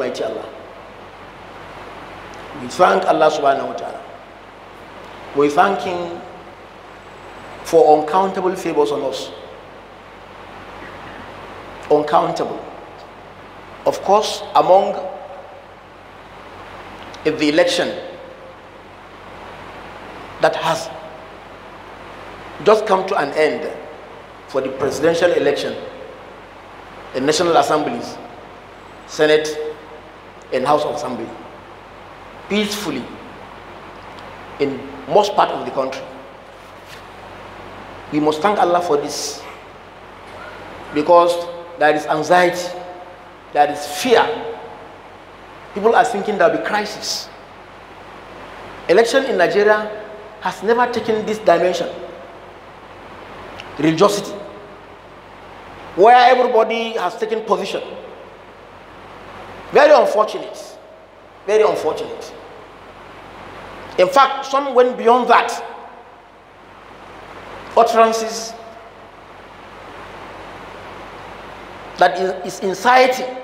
ya Allah we thank Allah subhanahu wa ta'ala we thank him for uncountable favors on us uncountable of course among the election that has just come to an end for the presidential election the national assemblies senate in House of Assembly peacefully in most part of the country. We must thank Allah for this because there is anxiety, there is fear. People are thinking there will be crisis. Election in Nigeria has never taken this dimension. Religiosity, where everybody has taken position. Very unfortunate. Very unfortunate. In fact, some went beyond that. Utterances that is, is inciting,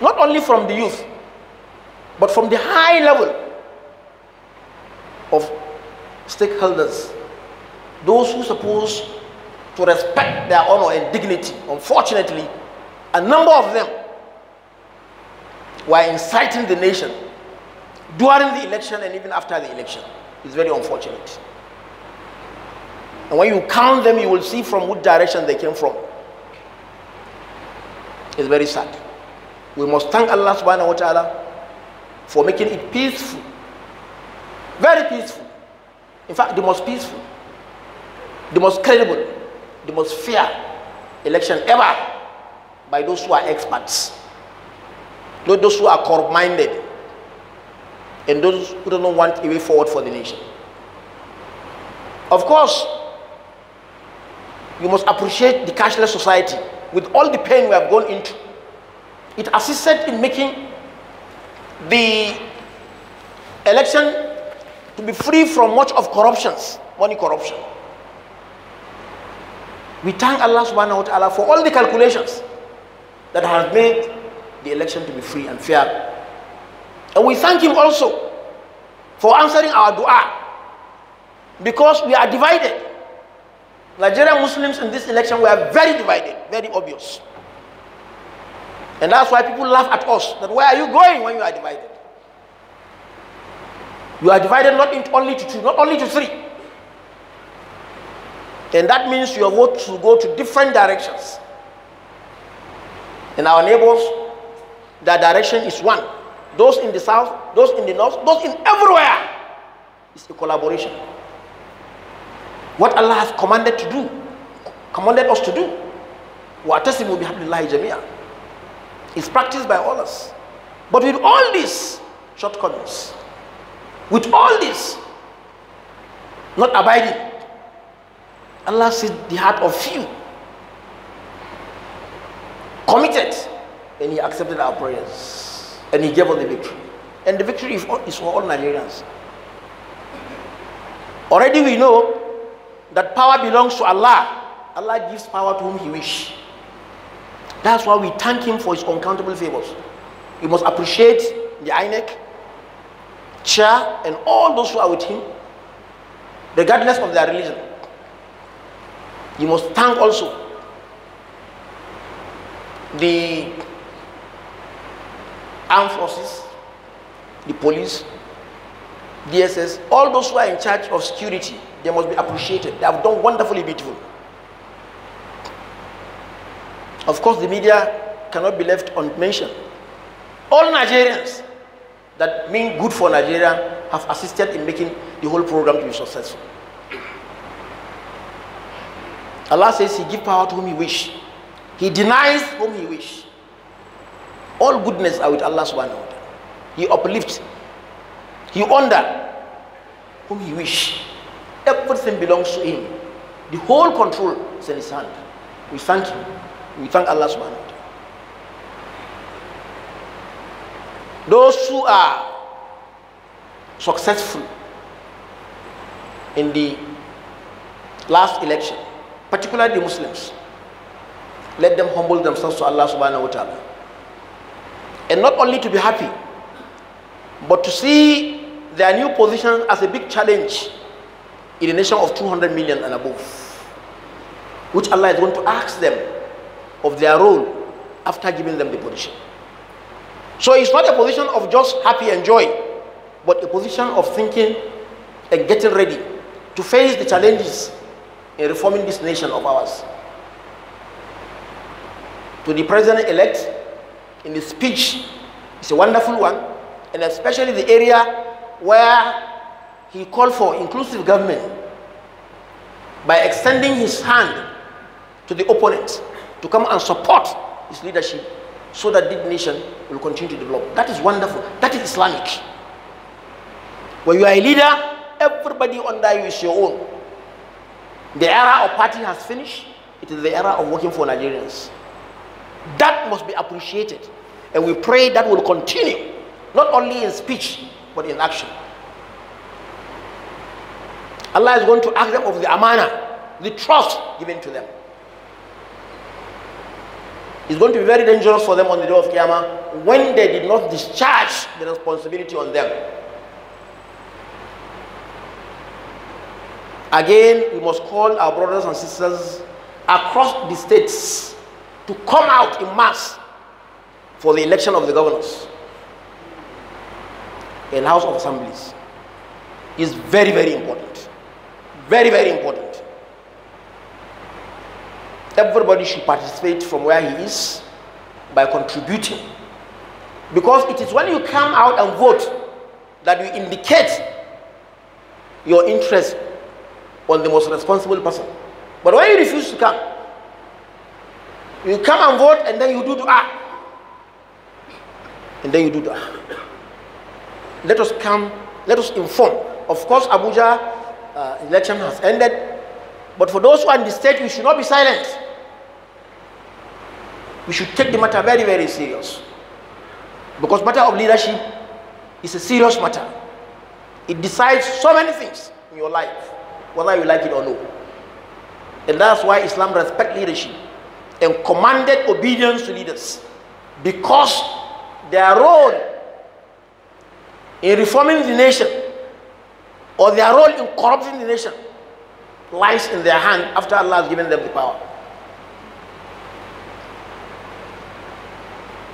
not only from the youth, but from the high level of stakeholders, those who are supposed to respect their honor and dignity. Unfortunately, a number of them were inciting the nation during the election and even after the election. is very unfortunate. And when you count them, you will see from what direction they came from. It's very sad. We must thank Allah subhanahu wa ta'ala for making it peaceful. Very peaceful. In fact, the most peaceful, the most credible, the most fair election ever by those who are experts. Those who are corrupt-minded and those who do not want a way forward for the nation. Of course, you must appreciate the cashless society with all the pain we have gone into. It assisted in making the election to be free from much of corruptions, money corruption. We thank Allah subhanahu wa ta'ala for all the calculations that have made the election to be free and fair. And we thank him also for answering our dua because we are divided. Nigerian Muslims in this election were very divided, very obvious. And that's why people laugh at us that where are you going when you are divided? You are divided not into only to two, not only to three. And that means your vote should go to different directions. And our neighbors the direction is one. Those in the south, those in the north, those in everywhere. It's a collaboration. What Allah has commanded to do, commanded us to do. Wa'tasimu bihablillahi jamia. It's practiced by all us. But with all these shortcomings, with all this, not abiding, Allah sees the heart of few committed and he accepted our prayers and he gave us the victory. And the victory is for all Nigerians. Already we know that power belongs to Allah. Allah gives power to whom He wish. That's why we thank Him for His uncountable favors. We must appreciate the INEC, chair, and all those who are with Him, regardless of their religion. You must thank also the armed forces, the police, DSS, all those who are in charge of security, they must be appreciated. They have done wonderfully beautiful. Of course, the media cannot be left unmentioned. All Nigerians that mean good for Nigeria have assisted in making the whole program to be successful. Allah says he gives power to whom he wish. He denies whom he wish. All goodness are with Allah subhanahu wa ta'ala. He uplifts, He honors whom He wish. Everything belongs to Him. The whole control is in His hand. We thank Him. We thank Allah subhanahu wa ta'ala. Those who are successful in the last election, particularly the Muslims, let them humble themselves to Allah subhanahu wa ta'ala. And not only to be happy, but to see their new position as a big challenge in a nation of 200 million and above, which Allah is going to ask them of their role after giving them the position. So it's not a position of just happy and joy, but a position of thinking and getting ready to face the challenges in reforming this nation of ours. To the president-elect, in his speech it's a wonderful one, and especially the area where he called for inclusive government by extending his hand to the opponents to come and support his leadership so that the nation will continue to develop. That is wonderful. That is Islamic. When you are a leader, everybody under you is your own. The era of party has finished. It is the era of working for Nigerians. That must be appreciated. And we pray that will continue, not only in speech, but in action. Allah is going to ask them of the amana, the trust given to them. It's going to be very dangerous for them on the day of Qiyamah when they did not discharge the responsibility on them. Again, we must call our brothers and sisters across the states to come out in mass for the election of the governors in House of Assemblies is very, very important. Very, very important. Everybody should participate from where he is by contributing. Because it is when you come out and vote that you indicate your interest on the most responsible person. But when you refuse to come, you come and vote and then you do dua. Ah. And then you do dua. Ah. Let us come, let us inform. Of course, Abuja uh, election has ended. But for those who are in the state, we should not be silent. We should take the matter very, very serious. Because matter of leadership is a serious matter. It decides so many things in your life, whether you like it or no. And that's why Islam respects leadership and commanded obedience to leaders because their role in reforming the nation or their role in corrupting the nation lies in their hand after Allah has given them the power.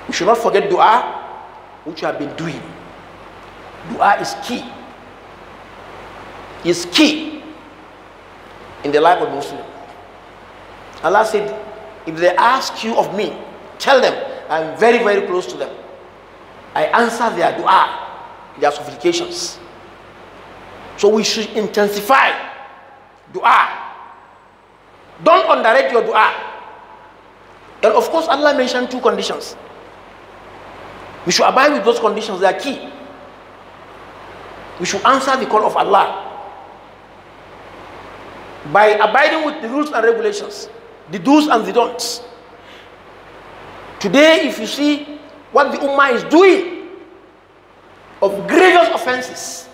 We should not forget dua, which we have been doing. Dua is key. Is key in the life of Muslim. Allah said, if they ask you of me, tell them I'm very, very close to them. I answer their dua, their supplications. So we should intensify dua. Don't underrate your dua. And of course, Allah mentioned two conditions. We should abide with those conditions, they are key. We should answer the call of Allah by abiding with the rules and regulations the do's and the don'ts. Today, if you see what the Ummah is doing of grievous offenses,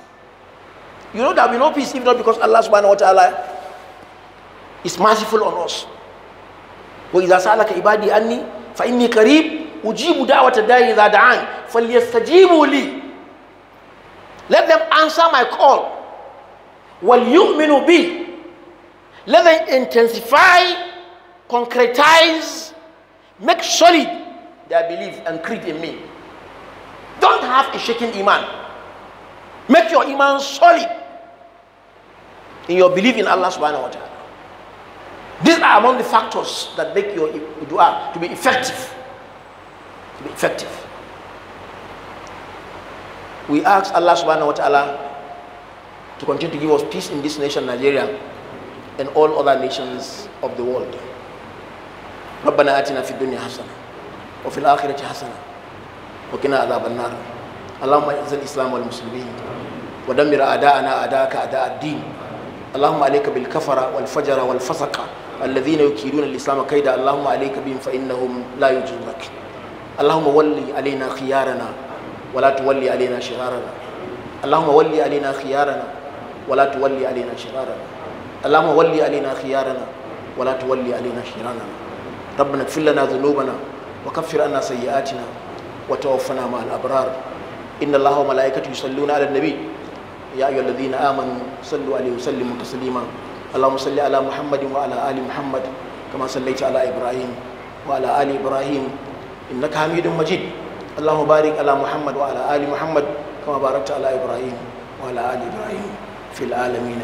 you know there will know no peace even not because Allah subhanahu wa ta'ala is merciful on us. وإذا سألك عبادي أني فإني قريب أجيب دعوة الداعي إذا دعان فليستجيبوا لي Let them answer my call. وَلْيُؤْمِنُوا بِي Let them intensify concretize, make solid their belief and creed in me. Don't have a shaking iman. Make your iman solid in your belief in Allah subhanahu wa ta'ala. These are among the factors that make your dua to be effective. To be effective. We ask Allah subhanahu wa ta'ala to continue to give us peace in this nation, Nigeria, and all other nations of the world. ربنا آتنا في الدنيا حسنة وفي الآخرة حسنة وقنا عذاب النار اللهم اعز الإسلام والمسلمين ودمر أعداءنا أعداءك أعداء الدين اللهم عليك بالكفر والفجر والفسق الذين يكيدون الإسلام كيدا اللهم عليك بهم فإنهم لا يجوزك اللهم ولي علينا خيارنا ولا تولي علينا شرارنا اللهم ولي علينا خيارنا ولا تولي علينا شرارنا اللهم ولي علينا خيارنا ولا تولي علينا شرارنا ربنا اغفر لنا ذنوبنا وكفر عنا سيئاتنا وتوفنا مع الأبرار إن الله وملائكته يصلون على النبي يا أيها الذين آمنوا صلوا عليه وسلموا تسليما اللهم صل على محمد وعلى آل محمد كما صليت على إبراهيم وعلى آل إبراهيم إنك حميد مجيد اللهم بارك على محمد وعلى آل محمد كما باركت على إبراهيم وعلى آل إبراهيم في العالمين